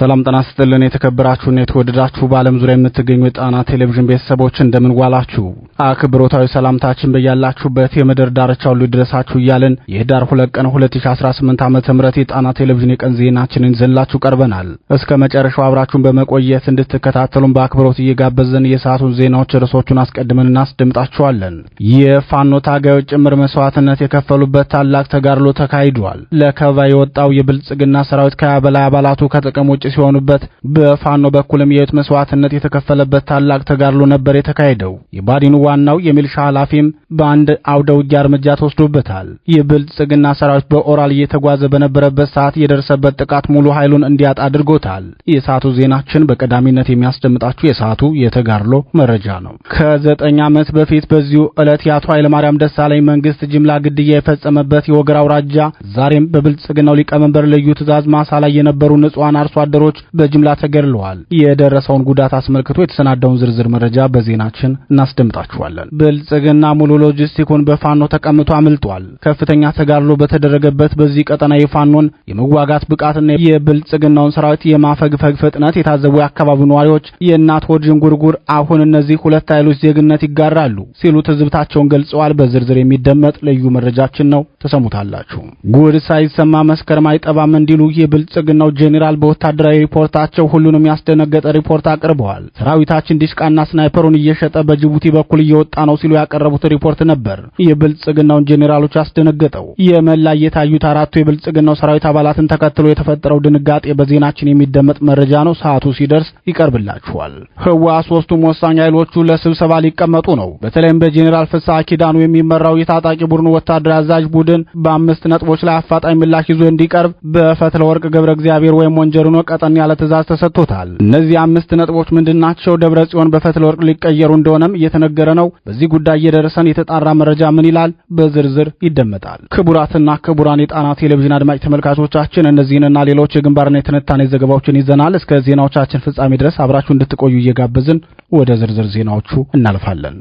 ሰላም ጤና ይስጥልን። የተከበራችሁና የተወደዳችሁ በዓለም ዙሪያ የምትገኙ የጣና ቴሌቪዥን ቤተሰቦች እንደምን ዋላችሁ? አክብሮታዊ ሰላምታችን በያላችሁበት የምድር ዳርቻ ሁሉ ይድረሳችሁ እያልን የህዳር 2 ቀን 2018 ዓመተ ምህረት የጣና ቴሌቪዥን የቀን ዜናችንን ይዘንላችሁ ቀርበናል። እስከ መጨረሻው አብራችሁን በመቆየት እንድትከታተሉን በአክብሮት እየጋበዘን የሰዓቱን ዜናዎች ርዕሶቹን አስቀድመን እናስደምጣችኋለን። የፋኖ ታጋዮች ጭምር መስዋዕትነት የከፈሉበት ታላቅ ተጋድሎ ተካሂዷል። ለከበባ የወጣው የብልጽግና ሰራዊት ከያ በላይ አባላቱ ከጥቅም ውጭ ሲሆኑበት በፋኖ በኩልም የህይወት መስዋዕትነት የተከፈለበት ታላቅ ተጋድሎ ነበር የተካሄደው። የባዲኑ ዋናው የሚልሻ ኃላፊም በአንድ አውደ ውጊያ እርምጃ ተወስዶበታል። የብልጽግና ሰራዊት በኦራል እየተጓዘ በነበረበት ሰዓት የደረሰበት ጥቃት ሙሉ ኃይሉን እንዲያጣ አድርጎታል። የሰዓቱ ዜናችን በቀዳሚነት የሚያስደምጣችሁ የሰዓቱ የተጋድሎ መረጃ ነው። ከዘጠኝ ዓመት በፊት በዚሁ ዕለት የአቶ ኃይለማርያም ደሳለኝ መንግስት ጅምላ ግድያ የፈጸመበት የወገራ አውራጃ ዛሬም በብልጽግናው ሊቀመንበር ልዩ ትእዛዝ ማሳ ላይ የነበሩ ንጹሐን አርሶ አደሩ ወታደሮች በጅምላ ተገድለዋል። የደረሰውን ጉዳት አስመልክቶ የተሰናዳውን ዝርዝር መረጃ በዜናችን እናስደምጣችኋለን። ብልጽግና ሙሉ ሎጂስቲኩን በፋኖ ተቀምቶ አምልጧል። ከፍተኛ ተጋድሎ በተደረገበት በዚህ ቀጠና የፋኖን የመዋጋት ብቃትና የብልጽግናውን ሰራዊት የማፈግፈግ ፍጥነት የታዘቡ የአካባቢው ነዋሪዎች የእናት ወድን ጉርጉር አሁን እነዚህ ሁለት ኃይሎች ዜግነት ይጋራሉ ሲሉ ትዝብታቸውን ገልጸዋል። በዝርዝር የሚደመጥ ልዩ መረጃችን ነው፣ ተሰሙታላችሁ። ጉድ ሳይሰማ መስከረም አይጠባም እንዲሉ የብልጽግናው ጄኔራል በወታደራዊ ወታደራዊ ሪፖርታቸው ሁሉንም ያስደነገጠ ሪፖርት አቅርበዋል። ሰራዊታችን ዲሽቃና ስናይፐሩን እየሸጠ በጅቡቲ በኩል እየወጣ ነው ሲሉ ያቀረቡት ሪፖርት ነበር የብልጽግናውን ጄኔራሎች ያስደነገጠው። የመላ የታዩት አራቱ የብልጽግናው ሰራዊት አባላትን ተከትሎ የተፈጠረው ድንጋጤ በዜናችን የሚደመጥ መረጃ ነው። ሰዓቱ ሲደርስ ይቀርብላችኋል። ህዋ ሶስቱም ወሳኝ ኃይሎቹ ለስብሰባ ሊቀመጡ ነው። በተለይም በጄኔራል ፍስሐ ኪዳኑ የሚመራው የታጣቂ ቡድኑ ወታደር አዛዥ ቡድን በአምስት ነጥቦች ላይ አፋጣኝ ምላሽ ይዞ እንዲቀርብ በፈትለ ወርቅ ገብረ እግዚአብሔር ወይም ወንጀሩኖ ቀጠን ያለ ትዕዛዝ ተሰጥቶታል። እነዚህ አምስት ነጥቦች ምንድናቸው? ደብረ ጽዮን በፈትለ ወርቅ ሊቀየሩ እንደሆነም እየተነገረ ነው። በዚህ ጉዳይ እየደረሰን የተጣራ መረጃ ምን ይላል? በዝርዝር ይደመጣል። ክቡራትና ክቡራን የጣና ቴሌቪዥን አድማጭ ተመልካቾቻችን እነዚህንና ሌሎች የግንባርና የትንታኔ ዘገባዎችን ይዘናል። እስከ ዜናዎቻችን ፍጻሜ ድረስ አብራችሁ እንድትቆዩ እየጋበዝን ወደ ዝርዝር ዜናዎቹ እናልፋለን።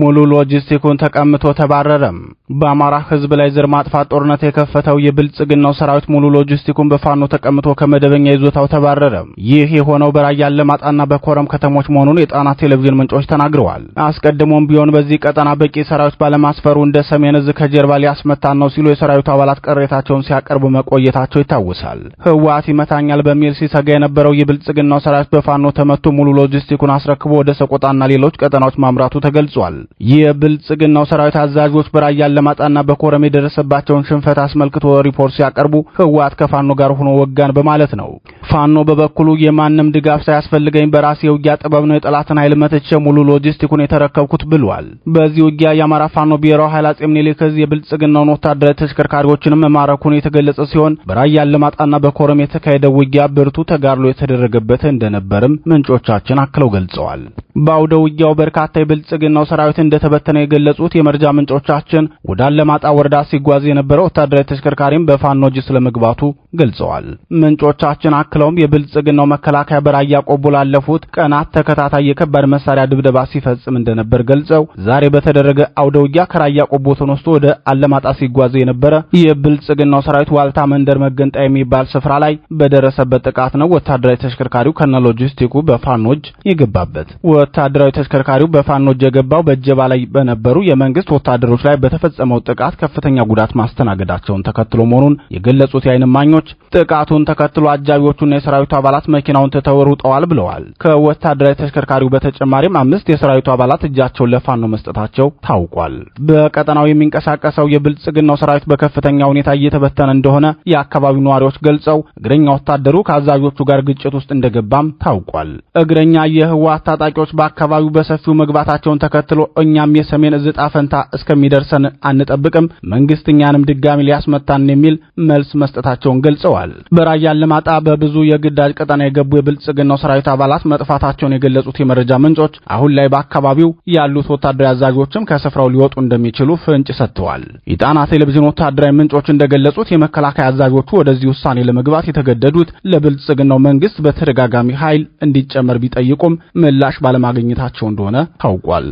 ሙሉ ሎጂስቲኩን ተቀምቶ ተባረረም። በአማራ ህዝብ ላይ ዘር ማጥፋት ጦርነት የከፈተው የብልጽግናው ሰራዊት ሙሉ ሎጂስቲኩን በፋኖ ተቀምቶ ከመደበኛ ይዞታው ተባረረ። ይህ የሆነው በራያ አላማጣና በኮረም ከተሞች መሆኑን የጣና ቴሌቪዥን ምንጮች ተናግረዋል። አስቀድሞም ቢሆን በዚህ ቀጠና በቂ ሰራዊት ባለማስፈሩ እንደ ሰሜን እዝ ከጀርባ ሊያስመታን ነው ሲሉ የሰራዊቱ አባላት ቅሬታቸውን ሲያቀርቡ መቆየታቸው ይታወሳል። ህወሓት ይመታኛል በሚል ሲሰጋ የነበረው የብልጽግናው ሰራዊት በፋኖ ተመቶ ሙሉ ሎጂስቲኩን አስረክቦ ወደ ሰቆጣና ሌሎች ቀጠናዎች ማምራቱ ተገልጿል። ገልጸዋል። የብልጽግናው ሰራዊት አዛዦች በራያ አላማጣና በኮረም የደረሰባቸውን ሽንፈት አስመልክቶ ሪፖርት ሲያቀርቡ ህወሓት ከፋኖ ጋር ሆኖ ወጋን በማለት ነው። ፋኖ በበኩሉ የማንም ድጋፍ ሳያስፈልገኝ በራሴ ውጊያ ጥበብ ነው የጠላትን ኃይል መትቼ ሙሉ ሎጂስቲኩን የተረከብኩት ብሏል። በዚህ ውጊያ የአማራ ፋኖ ብሔራዊ ኃይል አጼ ምኒልክ ዕዝ የብልጽግናውን ወታደራዊ ተሽከርካሪዎችንም መማረኩን የተገለጸ ሲሆን በራያ አላማጣና በኮረም የተካሄደው ውጊያ ብርቱ ተጋድሎ የተደረገበት እንደነበርም ምንጮቻችን አክለው ገልጸዋል። በአውደ ውጊያው በርካታ የብልጽግናው ሰራ ሰራዊት እንደተበተነ የገለጹት የመረጃ ምንጮቻችን ወደ አለማጣ ወረዳ ሲጓዝ የነበረ ወታደራዊ ተሽከርካሪም በፋኖ እጅ ስለመግባቱ ገልጸዋል። ምንጮቻችን አክለውም የብልጽግናው መከላከያ በራያ ቆቦ ላለፉት ቀናት ተከታታይ የከባድ መሳሪያ ድብደባ ሲፈጽም እንደነበር ገልጸው ዛሬ በተደረገ አውደውያ ከራያ ቆቦ ተነስቶ ወደ አለማጣ ሲጓዝ የነበረ የብልጽግናው ሰራዊት ዋልታ መንደር መገንጣ የሚባል ስፍራ ላይ በደረሰበት ጥቃት ነው ወታደራዊ ተሽከርካሪው ከነ ሎጂስቲኩ በፋኖ እጅ የገባበት። ወታደራዊ ተሽከርካሪው በፋኖ እጅ የገባው በእጀባ ላይ በነበሩ የመንግስት ወታደሮች ላይ በተፈጸመው ጥቃት ከፍተኛ ጉዳት ማስተናገዳቸውን ተከትሎ መሆኑን የገለጹት የአይን እማኞች ጥቃቱን ተከትሎ አጃቢዎቹና የሰራዊቱ አባላት መኪናውን ትተው ሩጠዋል ብለዋል። ከወታደራዊ ተሽከርካሪው በተጨማሪም አምስት የሰራዊቱ አባላት እጃቸውን ለፋኖ መስጠታቸው ታውቋል። በቀጠናው የሚንቀሳቀሰው የብልጽግናው ሰራዊት በከፍተኛ ሁኔታ እየተበተነ እንደሆነ የአካባቢው ነዋሪዎች ገልጸው እግረኛ ወታደሩ ከአዛዦቹ ጋር ግጭት ውስጥ እንደገባም ታውቋል። እግረኛ የህወሓት ታጣቂዎች በአካባቢው በሰፊው መግባታቸውን ተከትሎ እኛም የሰሜን እዝ ፈንታ እስከሚደርሰን አንጠብቅም፣ መንግስት እኛንም ድጋሚ ሊያስመታን የሚል መልስ መስጠታቸውን ገልጸዋል። በራያ ልማጣ በብዙ የግዳጅ ቀጠና የገቡ የብልጽግናው ሰራዊት አባላት መጥፋታቸውን የገለጹት የመረጃ ምንጮች አሁን ላይ በአካባቢው ያሉት ወታደራዊ አዛዦችም ከስፍራው ሊወጡ እንደሚችሉ ፍንጭ ሰጥተዋል። የጣና ቴሌቪዥን ወታደራዊ ምንጮች እንደገለጹት የመከላከያ አዛዦቹ ወደዚህ ውሳኔ ለመግባት የተገደዱት ለብልጽግናው መንግስት በተደጋጋሚ ኃይል እንዲጨመር ቢጠይቁም ምላሽ ባለማግኘታቸው እንደሆነ ታውቋል።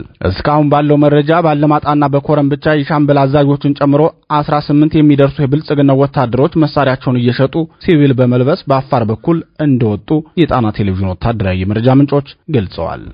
እስካሁን ባለው መረጃ ባለማጣና በኮረም ብቻ የሻምበል አዛዦችን ጨምሮ 18 የሚደርሱ የብልጽግና ወታደሮች መሳሪያቸውን እየሸጡ ሲቪል በመልበስ በአፋር በኩል እንደወጡ የጣና ቴሌቪዥን ወታደራዊ የመረጃ ምንጮች ገልጸዋል።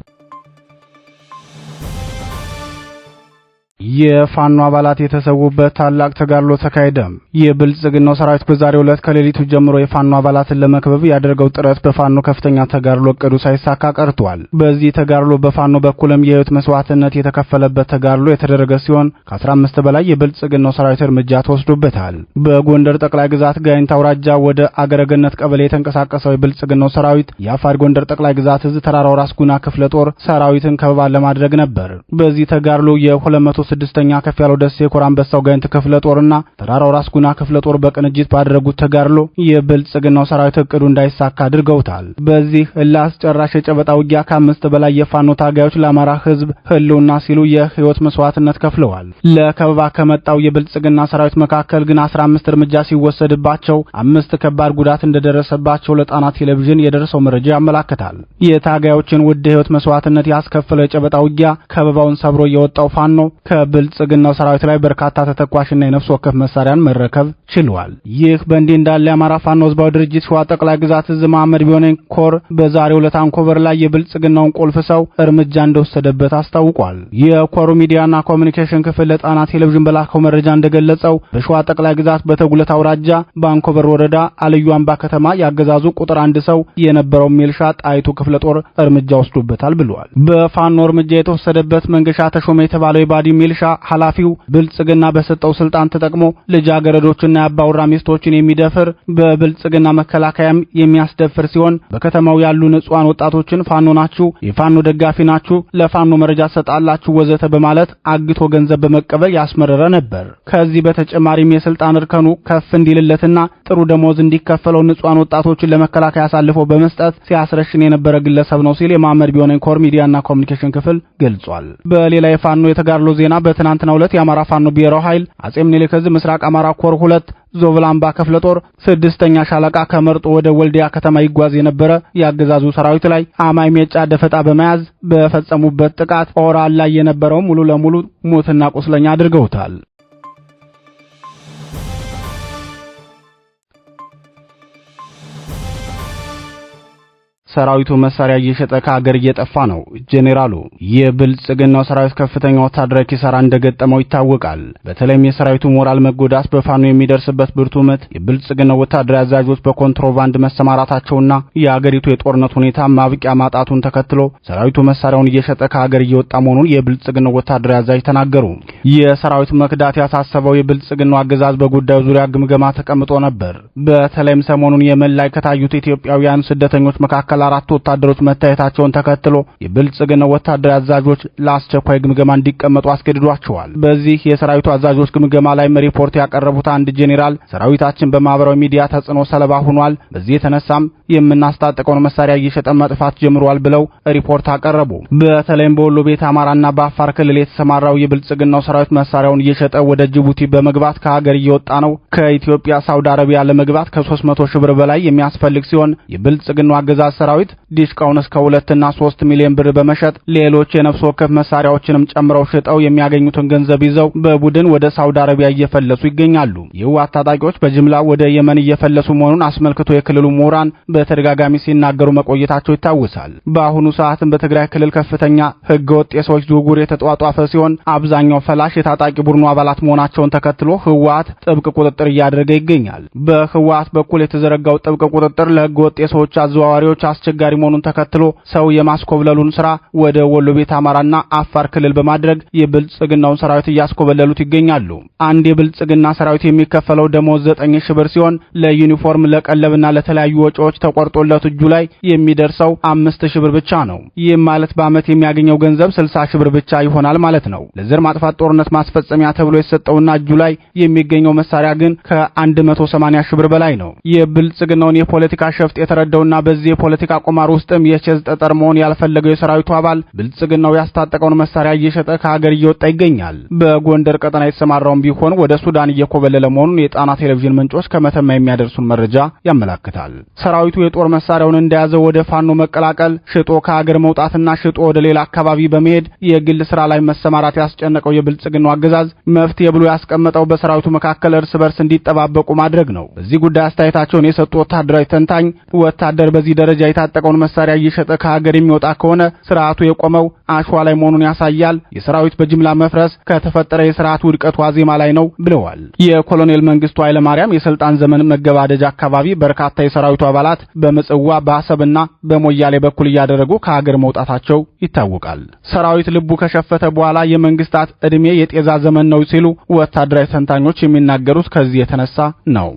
የፋኖ አባላት የተሰዉበት ታላቅ ተጋድሎ ተካሄደ። የብልጽግናው ሰራዊት በዛሬው ዕለት ከሌሊቱ ጀምሮ የፋኖ አባላትን ለመክበብ ያደረገው ጥረት በፋኖ ከፍተኛ ተጋድሎ እቅዱ ሳይሳካ ቀርቷል። በዚህ ተጋድሎ በፋኖ በኩልም የህይወት መስዋዕትነት የተከፈለበት ተጋድሎ የተደረገ ሲሆን ከ15 በላይ የብልጽግናው ሰራዊት እርምጃ ተወስዶበታል። በጎንደር ጠቅላይ ግዛት ጋይንት አውራጃ ወደ አገረገነት ቀበሌ የተንቀሳቀሰው የብልጽግናው ሰራዊት የአፋር ጎንደር ጠቅላይ ግዛት እዝ ተራራው ራስ ጉና ክፍለ ጦር ሰራዊትን ከበባ ለማድረግ ነበር። በዚህ ተጋድሎ የ206 ስድስተኛ ከፍ ያለው ደሴ የኮር አንበሳው ጋይንት ክፍለ ጦርና ተራራው ራስ ጉና ክፍለ ጦር በቅንጅት ባደረጉት ተጋድሎ የብልጽግናው ሰራዊት እቅዱ እንዳይሳካ አድርገውታል። በዚህ እልህ የጨበጣ ውጊያ ከአምስት በላይ የፋኖ ታጋዮች ለአማራ ህዝብ ህልውና ሲሉ የህይወት መስዋዕትነት ከፍለዋል። ለከበባ ከመጣው የብልጽግና ሰራዊት መካከል ግን 15 እርምጃ ሲወሰድባቸው አምስት ከባድ ጉዳት እንደደረሰባቸው ለጣና ቴሌቪዥን የደረሰው መረጃ ያመላክታል። የታጋዮችን ውድ ህይወት መስዋዕትነት ያስከፈለ የጨበጣ ውጊያ ከበባውን ሰብሮ የወጣው ፋኖ ከ በብልጽግናው ሰራዊት ላይ በርካታ ተተኳሽና የነፍስ ወከፍ መሳሪያን መረከብ ችሏል። ይህ በእንዲህ እንዳለ የአማራ ፋኖ ህዝባዊ ድርጅት ሸዋ ጠቅላይ ግዛት እዝ መሐመድ ቢሆነኝ ኮር በዛሬው ዕለት አንኮበር ላይ የብልጽግናውን ቁልፍ ሰው እርምጃ እንደወሰደበት አስታውቋል። የኮሩ ሚዲያና ኮሚኒኬሽን ክፍል ለጣና ቴሌቪዥን በላከው መረጃ እንደገለጸው በሸዋ ጠቅላይ ግዛት በተጉለት አውራጃ በአንኮበር ወረዳ አልዩ አምባ ከተማ ያገዛዙ ቁጥር አንድ ሰው የነበረው ሜልሻ ጣይቱ ክፍለ ጦር እርምጃ ወስዶበታል ብለዋል። በፋኖ እርምጃ የተወሰደበት መንገሻ ተሾመ የተባለው የባዲ ሜልሻ በመጨረሻ ኃላፊው ብልጽግና በሰጠው ስልጣን ተጠቅሞ ልጃገረዶችና አባውራ ሚስቶችን የሚደፍር በብልጽግና መከላከያም የሚያስደፍር ሲሆን በከተማው ያሉ ንጹሐን ወጣቶችን ፋኖ ናችሁ፣ የፋኖ ደጋፊ ናችሁ፣ ለፋኖ መረጃ ሰጣላችሁ ወዘተ በማለት አግቶ ገንዘብ በመቀበል ያስመረረ ነበር። ከዚህ በተጨማሪም የስልጣን እርከኑ ከፍ እንዲልለትና ጥሩ ደሞዝ እንዲከፈለው ንጹሐን ወጣቶችን ለመከላከያ አሳልፎ በመስጠት ሲያስረሽን የነበረ ግለሰብ ነው ሲል የማመድ ቢሆነኝ ኮር ሚዲያና ኮሚኒኬሽን ክፍል ገልጿል። በሌላ የፋኖ የተጋድሎ ዜና በትናንትና ሁለት የአማራ ፋኖ ብሔራዊ ኃይል አጼ ምኒልክ ዕዝ ምስራቅ አማራ ኮር ሁለት ዞብላምባ ክፍለ ጦር ስድስተኛ ሻለቃ ከመርጦ ወደ ወልዲያ ከተማ ይጓዝ የነበረ የአገዛዙ ሰራዊት ላይ አማይ ሜጫ ደፈጣ በመያዝ በፈጸሙበት ጥቃት ኦራል ላይ የነበረው ሙሉ ለሙሉ ሞትና ቁስለኛ አድርገውታል። ሰራዊቱ መሳሪያ እየሸጠ ከሀገር እየጠፋ ነው። ጄኔራሉ የብልጽግናው ሰራዊት ከፍተኛ ወታደራዊ ኪሳራ እንደገጠመው ይታወቃል። በተለይም የሰራዊቱ ሞራል መጎዳት፣ በፋኖ የሚደርስበት ብርቱ ምት፣ የብልጽግናው ወታደራዊ አዛዦች በኮንትሮባንድ መሰማራታቸውና የአገሪቱ የጦርነት ሁኔታ ማብቂያ ማጣቱን ተከትሎ ሰራዊቱ መሳሪያውን እየሸጠ ከሀገር እየወጣ መሆኑን የብልጽግናው ወታደራዊ አዛዥ ተናገሩ። የሰራዊቱ መክዳት ያሳሰበው የብልጽግናው አገዛዝ በጉዳዩ ዙሪያ ግምገማ ተቀምጦ ነበር። በተለይም ሰሞኑን የመን ላይ ከታዩት ኢትዮጵያውያን ስደተኞች መካከል አካል አራት ወታደሮች መታየታቸውን ተከትሎ የብልጽግናው ወታደራዊ አዛዦች ለአስቸኳይ ግምገማ እንዲቀመጡ አስገድዷቸዋል። በዚህ የሰራዊቱ አዛዦች ግምገማ ላይም ሪፖርት ያቀረቡት አንድ ጄኔራል ሰራዊታችን በማህበራዊ ሚዲያ ተጽዕኖ ሰለባ ሆኗል፣ በዚህ የተነሳም የምናስታጥቀውን መሳሪያ እየሸጠ መጥፋት ጀምሯል ብለው ሪፖርት አቀረቡ። በተለይም በወሎ ቤት አማራና በአፋር ክልል የተሰማራው የብልጽግናው ሰራዊት መሳሪያውን እየሸጠ ወደ ጅቡቲ በመግባት ከሀገር እየወጣ ነው። ከኢትዮጵያ ሳውዲ አረቢያ ለመግባት ከ300 ሺህ ብር በላይ የሚያስፈልግ ሲሆን የብልጽግናው አገዛዝ ሰራዊት ዲስቃውን እስከ ሁለትና ሶስት ሚሊዮን ብር በመሸጥ ሌሎች የነፍስ ወከፍ መሳሪያዎችንም ጨምረው ሽጠው የሚያገኙትን ገንዘብ ይዘው በቡድን ወደ ሳውዲ አረቢያ እየፈለሱ ይገኛሉ። የህወሓት ታጣቂዎች በጅምላ ወደ የመን እየፈለሱ መሆኑን አስመልክቶ የክልሉ ምሁራን በተደጋጋሚ ሲናገሩ መቆየታቸው ይታወሳል። በአሁኑ ሰዓትም በትግራይ ክልል ከፍተኛ ህገወጥ የሰዎች ዝውውር የተጧጧፈ ሲሆን አብዛኛው ፈላሽ የታጣቂ ቡድኑ አባላት መሆናቸውን ተከትሎ ህወሓት ጥብቅ ቁጥጥር እያደረገ ይገኛል። በህወሓት በኩል የተዘረጋው ጥብቅ ቁጥጥር ለህገወጥ የሰዎች አዘዋዋሪዎች አስቸጋሪ መሆኑን ተከትሎ ሰው የማስኮብለሉን ስራ ወደ ወሎ ቤት አማራና አፋር ክልል በማድረግ የብልጽግናውን ሰራዊት እያስኮበለሉት ይገኛሉ። አንድ የብልጽግና ሰራዊት የሚከፈለው ደሞዝ ዘጠኝ ሺህ ብር ሲሆን ለዩኒፎርም ለቀለብና ለተለያዩ ወጪዎች ተቆርጦለት እጁ ላይ የሚደርሰው አምስት ሺህ ብር ብቻ ነው። ይህም ማለት በዓመት የሚያገኘው ገንዘብ ስልሳ ሺህ ብር ብቻ ይሆናል ማለት ነው። ለዘር ማጥፋት ጦርነት ማስፈጸሚያ ተብሎ የተሰጠውና እጁ ላይ የሚገኘው መሳሪያ ግን ከ180 ሺህ ብር በላይ ነው። የብልጽግናውን የፖለቲካ ሸፍጥ የተረዳውና በዚህ የፖለቲካ የፖለቲካ ቁማር ውስጥም የቼዝ ጠጠር መሆን ያልፈለገው የሰራዊቱ አባል ብልጽግናው ያስታጠቀውን መሳሪያ እየሸጠ ከሀገር እየወጣ ይገኛል። በጎንደር ቀጠና የተሰማራውን ቢሆን ወደ ሱዳን እየኮበለለ መሆኑን የጣና ቴሌቪዥን ምንጮች ከመተማ የሚያደርሱን መረጃ ያመላክታል። ሰራዊቱ የጦር መሳሪያውን እንደያዘ ወደ ፋኖ መቀላቀል፣ ሽጦ ከሀገር መውጣትና ሽጦ ወደ ሌላ አካባቢ በመሄድ የግል ስራ ላይ መሰማራት ያስጨነቀው የብልጽግናው አገዛዝ መፍትሄ ብሎ ያስቀመጠው በሰራዊቱ መካከል እርስ በርስ እንዲጠባበቁ ማድረግ ነው። በዚህ ጉዳይ አስተያየታቸውን የሰጡ ወታደራዊ ተንታኝ ወታደር በዚህ ደረጃ የታጠቀውን መሳሪያ እየሸጠ ከሀገር የሚወጣ ከሆነ ስርዓቱ የቆመው አሸዋ ላይ መሆኑን ያሳያል። የሰራዊት በጅምላ መፍረስ ከተፈጠረ የስርዓቱ ውድቀት ዋዜማ ላይ ነው ብለዋል። የኮሎኔል መንግስቱ ኃይለማርያም የስልጣን ዘመን መገባደጃ አካባቢ በርካታ የሰራዊቱ አባላት በምጽዋ በአሰብና በሞያሌ በኩል እያደረጉ ከሀገር መውጣታቸው ይታወቃል። ሰራዊት ልቡ ከሸፈተ በኋላ የመንግስታት ዕድሜ የጤዛ ዘመን ነው ሲሉ ወታደራዊ ተንታኞች የሚናገሩት ከዚህ የተነሳ ነው።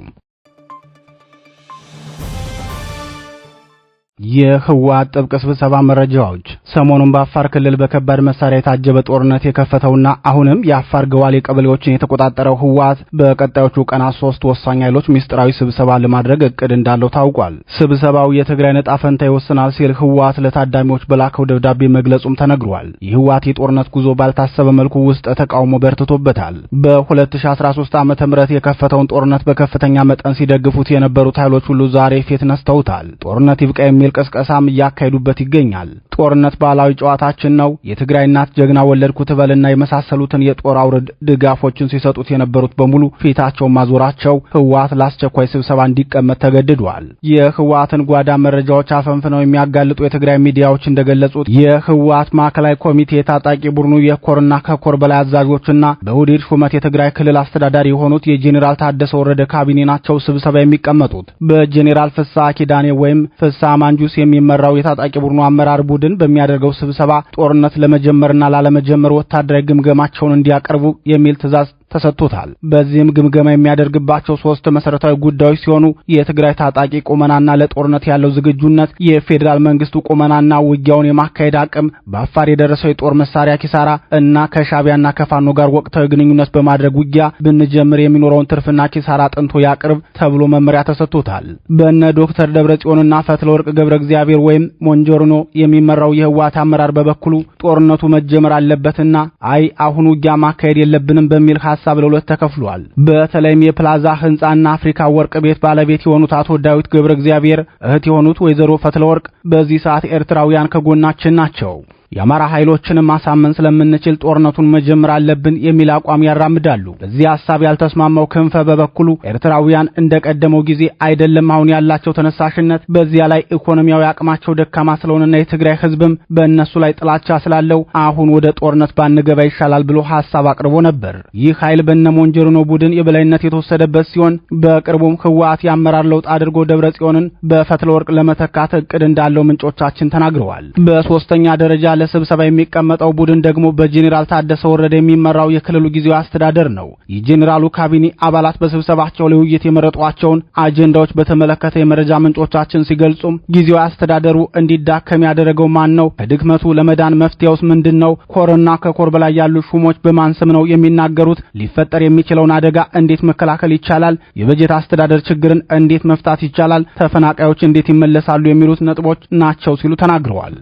የህወሓት ጥብቅ ስብሰባ መረጃዎች ሰሞኑን በአፋር ክልል በከባድ መሳሪያ የታጀበ ጦርነት የከፈተውና አሁንም የአፋር ገዋሌ ቀበሌዎችን የተቆጣጠረው ህወሓት በቀጣዮቹ ቀናት ሶስት ወሳኝ ኃይሎች ምስጢራዊ ስብሰባ ለማድረግ እቅድ እንዳለው ታውቋል። ስብሰባው የትግራይ ነጣ ፈንታ ይወስናል ሲል ህወሓት ለታዳሚዎች በላከው ደብዳቤ መግለጹም ተነግሯል። የህወሓት የጦርነት ጉዞ ባልታሰበ መልኩ ውስጥ ተቃውሞ በርትቶበታል። በ2013 ዓ ም የከፈተውን ጦርነት በከፍተኛ መጠን ሲደግፉት የነበሩት ኃይሎች ሁሉ ዛሬ ፊት ነስተውታል። ጦርነት ይብቃ የሚል ቅስቀሳም እያካሄዱበት ይገኛል። ጦርነት ባህላዊ ጨዋታችን ነው። የትግራይ እናት ጀግና ወለድኩ ትበልና የመሳሰሉትን የጦር አውርድ ድጋፎችን ሲሰጡት የነበሩት በሙሉ ፊታቸውን ማዞራቸው ህወሓት ለአስቸኳይ ስብሰባ እንዲቀመጥ ተገድዷል። የህወሓትን ጓዳ መረጃዎች አፈንፍነው የሚያጋልጡ የትግራይ ሚዲያዎች እንደገለጹት የህወሓት ማዕከላዊ ኮሚቴ የታጣቂ ቡድኑ የኮርና ከኮር በላይ አዛዦችና በሁዲድ ሹመት የትግራይ ክልል አስተዳዳሪ የሆኑት የጄኔራል ታደሰ ወረደ ካቢኔ ናቸው ስብሰባ የሚቀመጡት። በጄኔራል ፍሳ ኪዳኔ ወይም ፍሳ ማንጁስ የሚመራው የታጣቂ ቡድኑ አመራር ቡድን ቡድን በሚያደርገው ስብሰባ ጦርነት ለመጀመርና ላለመጀመር ወታደራዊ ግምገማቸውን እንዲያቀርቡ የሚል ትዕዛዝ ተሰጥቶታል። በዚህም ግምገማ የሚያደርግባቸው ሶስት መሰረታዊ ጉዳዮች ሲሆኑ የትግራይ ታጣቂ ቁመናና ለጦርነት ያለው ዝግጁነት፣ የፌዴራል መንግስቱ ቁመናና ውጊያውን የማካሄድ አቅም፣ በአፋር የደረሰው የጦር መሳሪያ ኪሳራ እና ከሻቢያና ከፋኖ ጋር ወቅታዊ ግንኙነት በማድረግ ውጊያ ብንጀምር የሚኖረውን ትርፍና ኪሳራ አጥንቶ ያቅርብ ተብሎ መመሪያ ተሰጥቶታል። በነ ዶክተር ደብረጽዮንና ፈትለወርቅ ገብረ እግዚአብሔር ወይም ሞንጆርኖ የሚመራው የህወሓት አመራር በበኩሉ ጦርነቱ መጀመር አለበትና አይ አሁን ውጊያ ማካሄድ የለብንም በሚል ሀሳብ ሀሳብ ለሁለት ተከፍሏል። በተለይም የፕላዛ ህንፃና አፍሪካ ወርቅ ቤት ባለቤት የሆኑት አቶ ዳዊት ገብረ እግዚአብሔር እህት የሆኑት ወይዘሮ ፈትለወርቅ በዚህ ሰዓት ኤርትራውያን ከጎናችን ናቸው የአማራ ኃይሎችንም ማሳመን ስለምንችል ጦርነቱን መጀመር አለብን የሚል አቋም ያራምዳሉ። በዚህ ሐሳብ ያልተስማማው ክንፈ በበኩሉ ኤርትራውያን እንደቀደመው ጊዜ አይደለም አሁን ያላቸው ተነሳሽነት፣ በዚያ ላይ ኢኮኖሚያዊ አቅማቸው ደካማ ስለሆነና የትግራይ ህዝብም በእነሱ ላይ ጥላቻ ስላለው አሁን ወደ ጦርነት ባንገባ ይሻላል ብሎ ሐሳብ አቅርቦ ነበር። ይህ ኃይል በነ ሞንጀሪኖ ቡድን የበላይነት የተወሰደበት ሲሆን በቅርቡም ህወሓት የአመራር ለውጥ አድርጎ ደብረ ጽዮንን በፈትለ ወርቅ ለመተካት እቅድ እንዳለው ምንጮቻችን ተናግረዋል። በሶስተኛ ደረጃ ስብሰባ የሚቀመጠው ቡድን ደግሞ በጄኔራል ታደሰ ወረደ የሚመራው የክልሉ ጊዜያዊ አስተዳደር ነው። የጄኔራሉ ካቢኔ አባላት በስብሰባቸው ላይ ውይይት የመረጧቸውን አጀንዳዎች በተመለከተ የመረጃ ምንጮቻችን ሲገልጹም ጊዜያዊ አስተዳደሩ እንዲዳከም ያደረገው ማን ነው? ከድክመቱ ለመዳን መፍትሄውስ ምንድን ነው? ኮርና ከኮር በላይ ያሉ ሹሞች በማን ስም ነው የሚናገሩት? ሊፈጠር የሚችለውን አደጋ እንዴት መከላከል ይቻላል? የበጀት አስተዳደር ችግርን እንዴት መፍታት ይቻላል? ተፈናቃዮች እንዴት ይመለሳሉ? የሚሉት ነጥቦች ናቸው ሲሉ ተናግረዋል።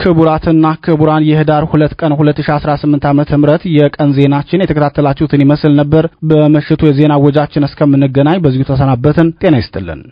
ክቡራትና ክቡራን የህዳር ሁለት ቀን 2018 ዓ.ም የቀን ዜናችን የተከታተላችሁትን ይመስል ነበር። በምሽቱ የዜና ወጃችን እስከምንገናኝ በዚሁ ተሰናበትን። ጤና ይስጥልን።